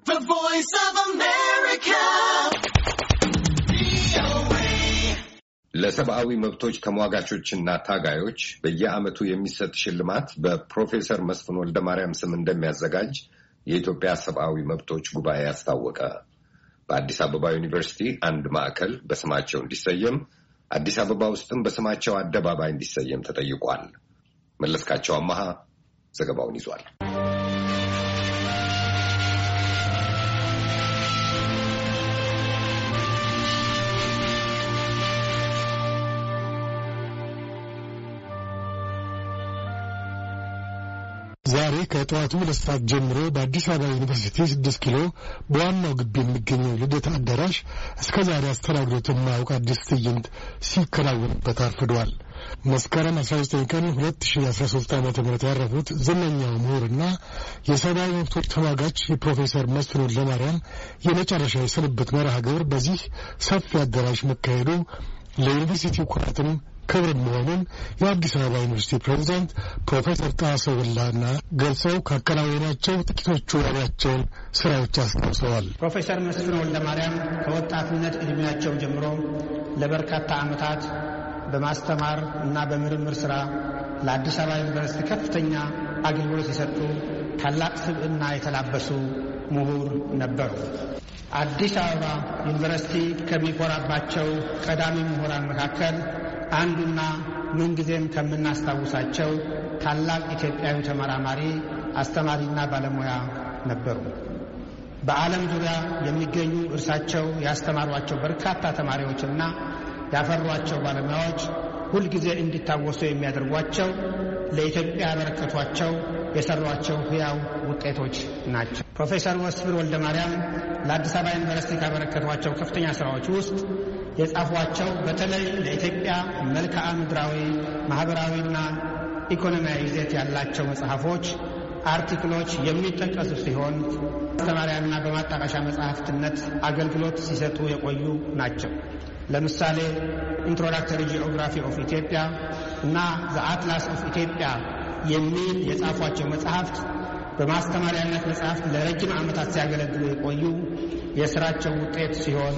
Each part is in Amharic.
The Voice of America. ለሰብአዊ መብቶች ተሟጋቾችና ታጋዮች በየዓመቱ የሚሰጥ ሽልማት በፕሮፌሰር መስፍን ወልደ ማርያም ስም እንደሚያዘጋጅ የኢትዮጵያ ሰብአዊ መብቶች ጉባኤ አስታወቀ። በአዲስ አበባ ዩኒቨርሲቲ አንድ ማዕከል በስማቸው እንዲሰየም፣ አዲስ አበባ ውስጥም በስማቸው አደባባይ እንዲሰየም ተጠይቋል። መለስካቸው አማሃ ዘገባውን ይዟል። ዛሬ ከጠዋቱ ሁለት ሰዓት ጀምሮ በአዲስ አበባ ዩኒቨርሲቲ ስድስት ኪሎ በዋናው ግቢ የሚገኘው ልደት አዳራሽ እስከ ዛሬ አስተናግዶት የማያውቅ አዲስ ትዕይንት ሲከናወንበት አርፍዷል። መስከረም 19 ቀን 2013 ዓ ም ያረፉት ዝነኛው ምሁርና የሰብአዊ መብቶች ተሟጋች የፕሮፌሰር መስፍን ወልደማርያም የመጨረሻ የስንብት መርሃ ግብር በዚህ ሰፊ አዳራሽ መካሄዱ ለዩኒቨርሲቲው ኩራትም ክብር መሆኑን የአዲስ አበባ ዩኒቨርሲቲ ፕሬዚዳንት ፕሮፌሰር ጣሰው ብላና ገልጸው ካከናወኗቸው ጥቂቶቹ ያሏቸውን ስራዎች አስታውሰዋል። ፕሮፌሰር መስፍን ወልደማርያም ከወጣትነት እድሜያቸው ጀምሮ ለበርካታ ዓመታት በማስተማር እና በምርምር ስራ ለአዲስ አበባ ዩኒቨርሲቲ ከፍተኛ አገልግሎት የሰጡ ታላቅ ስብዕና የተላበሱ ምሁር ነበሩ። አዲስ አበባ ዩኒቨርሲቲ ከሚኮራባቸው ቀዳሚ ምሁራን መካከል አንዱና ምንጊዜም ከምናስታውሳቸው ታላቅ ኢትዮጵያዊ ተመራማሪ፣ አስተማሪና ባለሙያ ነበሩ። በዓለም ዙሪያ የሚገኙ እርሳቸው ያስተማሯቸው በርካታ ተማሪዎችና ያፈሯቸው ባለሙያዎች ሁልጊዜ እንዲታወሱ የሚያደርጓቸው ለኢትዮጵያ ያበረከቷቸው የሰሯቸው ሕያው ውጤቶች ናቸው። ፕሮፌሰር መስፍን ወልደ ማርያም ለአዲስ አበባ ዩኒቨርሲቲ ካበረከቷቸው ከፍተኛ ስራዎች ውስጥ የጻፏቸው በተለይ ለኢትዮጵያ መልክዓ ምድራዊ ማኅበራዊና ኢኮኖሚያዊ ይዘት ያላቸው መጽሐፎች፣ አርቲክሎች የሚጠቀሱ ሲሆን ማስተማሪያና በማጣቀሻ መጽሐፍትነት አገልግሎት ሲሰጡ የቆዩ ናቸው። ለምሳሌ ኢንትሮዳክተሪ ጂኦግራፊ ኦፍ ኢትዮጵያ እና ዘ አትላስ ኦፍ ኢትዮጵያ የሚል የጻፏቸው መጽሐፍት በማስተማሪያነት መጽሐፍት ለረጅም ዓመታት ሲያገለግሉ የቆዩ የሥራቸው ውጤት ሲሆን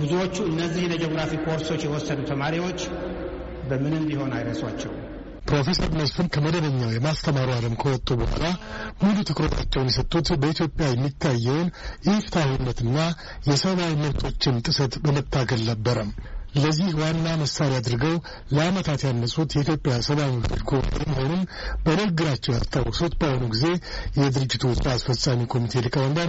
ብዙዎቹ እነዚህን የጂኦግራፊ ኮርሶች የወሰዱ ተማሪዎች በምንም ቢሆን አይረሷቸው። ፕሮፌሰር መስፍን ከመደበኛው የማስተማሩ ዓለም ከወጡ በኋላ ሙሉ ትኩረታቸውን የሰጡት በኢትዮጵያ የሚታየውን የፍታዊነትና የሰብአዊ መብቶችን ጥሰት በመታገል ነበረም። ለዚህ ዋና መሳሪያ አድርገው ለዓመታት ያነጹት የኢትዮጵያ ሰብአዊ መብቶች ኮሚሽን መሆኑን በንግግራቸው ያስታወሱት በአሁኑ ጊዜ የድርጅቱ ስራ አስፈጻሚ ኮሚቴ ሊቀመንበር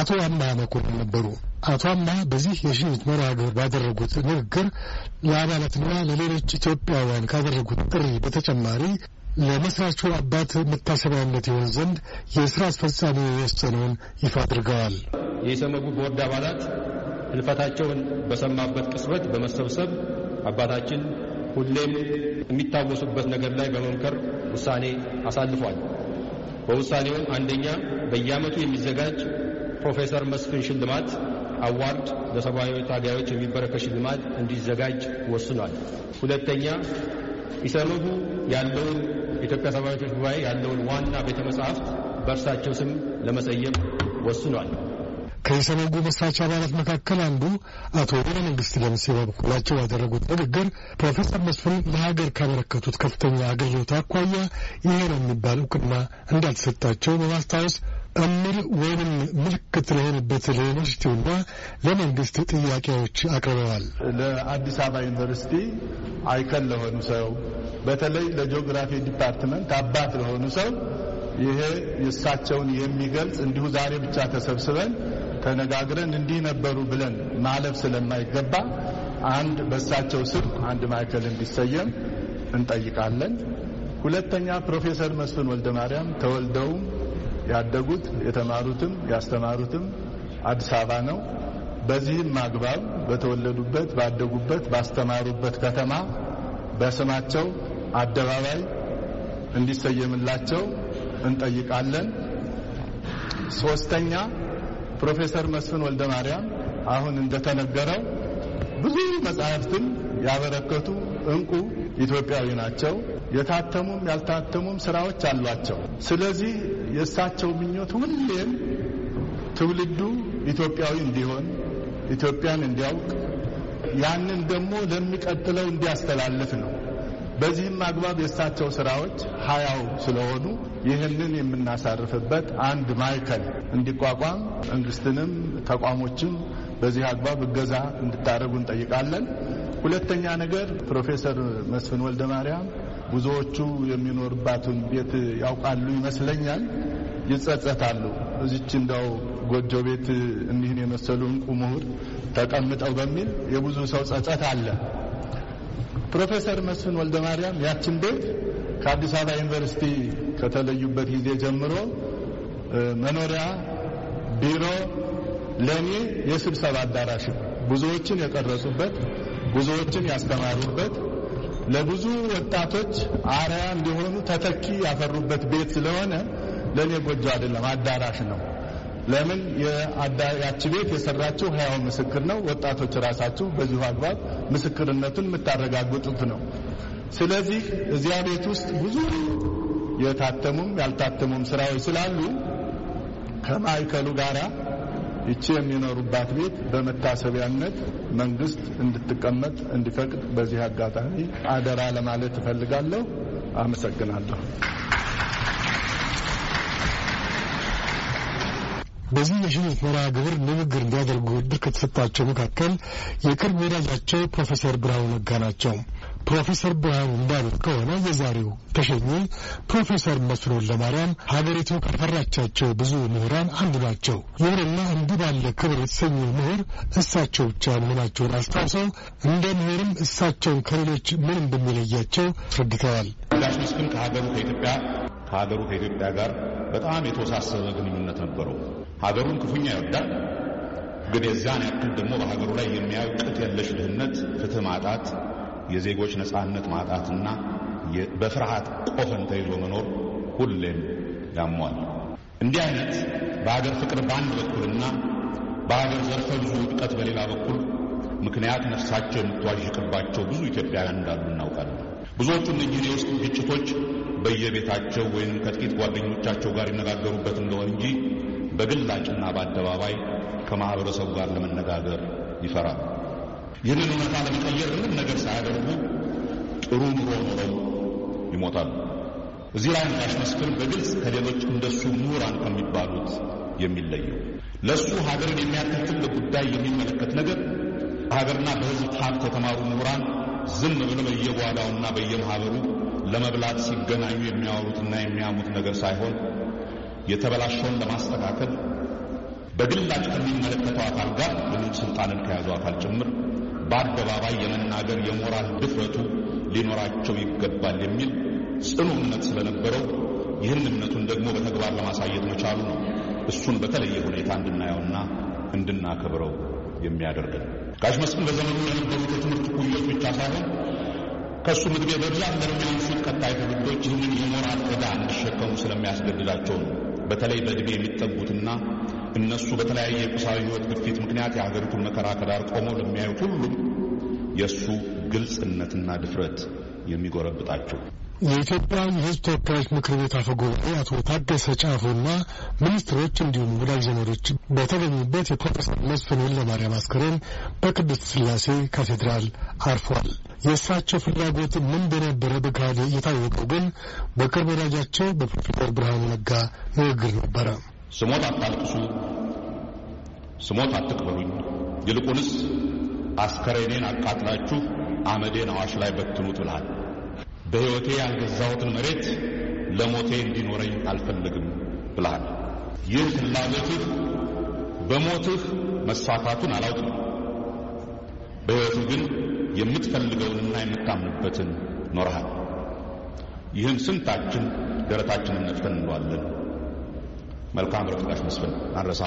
አቶ አማ መኮንን ነበሩ። አቶ አማ በዚህ የሽኝት መርሃ ግብር ባደረጉት ንግግር ለአባላትና ለሌሎች ኢትዮጵያውያን ካደረጉት ጥሪ በተጨማሪ ለመስራቹ አባት መታሰቢያነት ይሆን ዘንድ የስራ አስፈጻሚ የወሰነውን ይፋ አድርገዋል። የሰመጉ ቦርድ አባላት ህልፈታቸውን በሰማበት ቅጽበት በመሰብሰብ አባታችን ሁሌም የሚታወሱበት ነገር ላይ በመምከር ውሳኔ አሳልፏል። በውሳኔውም አንደኛ በየዓመቱ የሚዘጋጅ ፕሮፌሰር መስፍን ሽልማት አዋርድ ለሰብአዊ ታጋዮች የሚበረከት ሽልማት እንዲዘጋጅ ወስኗል። ሁለተኛ ኢሰመጉ ያለውን የኢትዮጵያ ሰብአዊ መብቶች ጉባኤ ያለውን ዋና ቤተ መጻሕፍት በእርሳቸው ስም ለመሰየም ወስኗል። ከኢሰመጉ መስራች አባላት መካከል አንዱ አቶ ወደ መንግስት ለምሴ በበኩላቸው ያደረጉት ንግግር ፕሮፌሰር መስፍን ለሀገር ካበረከቱት ከፍተኛ አገልግሎት አኳያ ይሄ ነው የሚባል እውቅና እንዳልተሰጣቸው በማስታወስ እምር ወይንም ምልክት ለሆነበት ለዩኒቨርሲቲውና ለመንግስት ጥያቄዎች አቅርበዋል። ለአዲስ አበባ ዩኒቨርሲቲ አይከን ለሆኑ ሰው በተለይ ለጂኦግራፊ ዲፓርትመንት አባት ለሆኑ ሰው ይሄ የእሳቸውን የሚገልጽ እንዲሁ ዛሬ ብቻ ተሰብስበን ተነጋግረን እንዲህ ነበሩ ብለን ማለፍ ስለማይገባ አንድ በእሳቸው ስር አንድ ማዕከል እንዲሰየም እንጠይቃለን። ሁለተኛ ፕሮፌሰር መስፍን ወልደ ማርያም ተወልደውም ያደጉት የተማሩትም ያስተማሩትም አዲስ አበባ ነው። በዚህም አግባብ በተወለዱበት ባደጉበት ባስተማሩበት ከተማ በስማቸው አደባባይ እንዲሰየምላቸው እንጠይቃለን። ሶስተኛ ፕሮፌሰር መስፍን ወልደ ማርያም አሁን እንደተነገረው ብዙ መጻሕፍትን ያበረከቱ እንቁ ኢትዮጵያዊ ናቸው። የታተሙም ያልታተሙም ስራዎች አሏቸው። ስለዚህ የእሳቸው ምኞት ሁሌም ትውልዱ ኢትዮጵያዊ እንዲሆን፣ ኢትዮጵያን እንዲያውቅ፣ ያንን ደግሞ ለሚቀጥለው እንዲያስተላልፍ ነው። በዚህም አግባብ የእሳቸው ስራዎች ሀያው ስለሆኑ ይህንን የምናሳርፍበት አንድ ማዕከል እንዲቋቋም መንግስትንም ተቋሞችም በዚህ አግባብ እገዛ እንድታደረጉ እንጠይቃለን። ሁለተኛ ነገር ፕሮፌሰር መስፍን ወልደ ማርያም ብዙዎቹ የሚኖርባትን ቤት ያውቃሉ ይመስለኛል፣ ይጸጸታሉ። እዚች እንደው ጎጆ ቤት እኒህን የመሰሉ እንቁ ምሁር ተቀምጠው በሚል የብዙ ሰው ጸጸት አለ። ፕሮፌሰር መስፍን ወልደ ማርያም ያችን ቤት ከአዲስ አበባ ዩኒቨርሲቲ ከተለዩበት ጊዜ ጀምሮ መኖሪያ፣ ቢሮ ለእኔ የስብሰባ አዳራሽ ብዙዎችን የቀረጹበት ብዙዎችን ያስተማሩበት ለብዙ ወጣቶች አርያ እንዲሆኑ ተተኪ ያፈሩበት ቤት ስለሆነ ለእኔ ጎጆ አይደለም፣ አዳራሽ ነው። ለምን ያቺ ቤት የሰራችው ህያው ምስክር ነው። ወጣቶች ራሳችሁ በዚሁ አግባብ ምስክርነቱን የምታረጋግጡት ነው። ስለዚህ እዚያ ቤት ውስጥ ብዙ የታተሙም ያልታተሙም ስራዎች ስላሉ ከማዕከሉ ጋር ይቺ የሚኖሩባት ቤት በመታሰቢያነት መንግስት እንድትቀመጥ እንዲፈቅድ በዚህ አጋጣሚ አደራ ለማለት እፈልጋለሁ። አመሰግናለሁ። በዚህ የሽኝት መርሃ ግብር ንግግር እንዲያደርጉ ዕድል ከተሰጣቸው መካከል የቅርብ ወዳጃቸው ፕሮፌሰር ብርሃኑ ነጋ ናቸው። ፕሮፌሰር ብርሃኑ እንዳሉት ከሆነ የዛሬው ተሸኚ ፕሮፌሰር መስፍን ለማርያም ሀገሪቱ ካፈራቻቸው ብዙ ምሁራን አንዱ ናቸው። ይሁንና እንዲህ ባለ ክብር የተሰኙ ምሁር እሳቸው ብቻ መሆናቸውን አስታውሰው እንደ ምሁርም እሳቸውን ከሌሎች ምን እንደሚለያቸው አስረድተዋል። ዳሽ መስፍን ከሀገሩ ከኢትዮጵያ ከሀገሩ ከኢትዮጵያ ጋር በጣም የተወሳሰበ ግንኙነት ነበረው። ሀገሩን ክፉኛ ይወዳል፣ ግን የዛን ያክል ደግሞ በሀገሩ ላይ የሚያውቅት የለሽ ድህነት፣ ፍትህ ማጣት፣ የዜጎች ነጻነት ማጣትና በፍርሃት ቆፈን ተይዞ መኖር ሁሌም ያሟል። እንዲህ አይነት በሀገር ፍቅር በአንድ በኩልና በሀገር ዘርፈ ብዙ ውድቀት በሌላ በኩል ምክንያት ነፍሳቸው የምትዋዥቅባቸው ብዙ ኢትዮጵያውያን እንዳሉ እናውቃለን። ብዙዎቹ እነዚህ የውስጥ ግጭቶች በየቤታቸው ወይም ከጥቂት ጓደኞቻቸው ጋር ይነጋገሩበት እንደሆነ እንጂ በግላጭና በአደባባይ ከማህበረሰቡ ጋር ለመነጋገር ይፈራል። ይህንን እውነታ ለመቀየር ምንም ነገር ሳያደርጉ ጥሩ ኑሮ ኑረው ይሞታሉ። እዚህ ላይ ጋሽ መስፍን በግልጽ ከሌሎች እንደሱ ምሁራን ከሚባሉት የሚለየው ለእሱ ሀገርን የሚያከትል ጉዳይ የሚመለከት ነገር በሀገርና በሕዝብ ሀብት የተማሩ ምሁራን ዝም ብለው በየጓዳውና በየማህበሩ ለመብላት ሲገናኙ የሚያወሩትና የሚያሙት ነገር ሳይሆን የተበላሸውን ለማስተካከል በግላጭ ከሚመለከተው አካል ጋር ምንም ስልጣንን ከያዙ አካል ጭምር በአደባባይ የመናገር የሞራል ድፍረቱ ሊኖራቸው ይገባል የሚል ጽኑ እምነት ስለነበረው ይህን እምነቱን ደግሞ በተግባር ለማሳየት መቻሉ ነው እሱን በተለየ ሁኔታ እንድናየውና እንድናከብረው ነው። ጋሽ መስፍን በዘመኑ የነበሩት የትምህርት ኩዮች ብቻ ሳይሆን ከእሱ ምግቤ በብዛት ለሚያንሱት ቀጣይ ትውልዶች ይህንን የሞራል ዕዳ እንዲሸከሙ ስለሚያስገድዳቸው ነው። በተለይ በእድሜ የሚጠጉትና እነሱ በተለያየ የቁሳዊ ሕይወት ግፊት ምክንያት የሀገሪቱን መከራ ከዳር ቆመው ለሚያዩት ሁሉም የእሱ ግልጽነትና ድፍረት የሚጎረብጣቸው የኢትዮጵያ የሕዝብ ተወካዮች ምክር ቤት አፈ ጉባኤ አቶ ታገሰ ጫፎና ሚኒስትሮች እንዲሁም ወዳጅ ዘመዶች በተገኙበት የፕሮፌሰር መስፍን ወልደማርያም አስከሬን በቅድስት ስላሴ ካቴድራል አርፏል። የእሳቸው ፍላጎት ምን እንደነበረ በካል የታወቀው ግን በቅርብ ወዳጃቸው በፕሮፌሰር ብርሃኑ ነጋ ንግግር ነበረ። ስሞት አታልቅሱ፣ ስሞት አትቅበሩኝ፣ ይልቁንስ አስከሬኔን አቃጥላችሁ አመዴን አዋሽ ላይ በትኑት ብልሃል። በሕይወቴ ያልገዛሁትን መሬት ለሞቴ እንዲኖረኝ አልፈልግም ብልሃል። ይህ ፍላጎትህ በሞትህ መሳካቱን አላውቅም። በሕይወቱ ግን የምትፈልገውንና የምታምንበትን ኖርሃል። ይህን ስንታችን ደረታችንን ነፍተን እንለዋለን። መልካም ረፍቃሽ መስፍን አንረሳ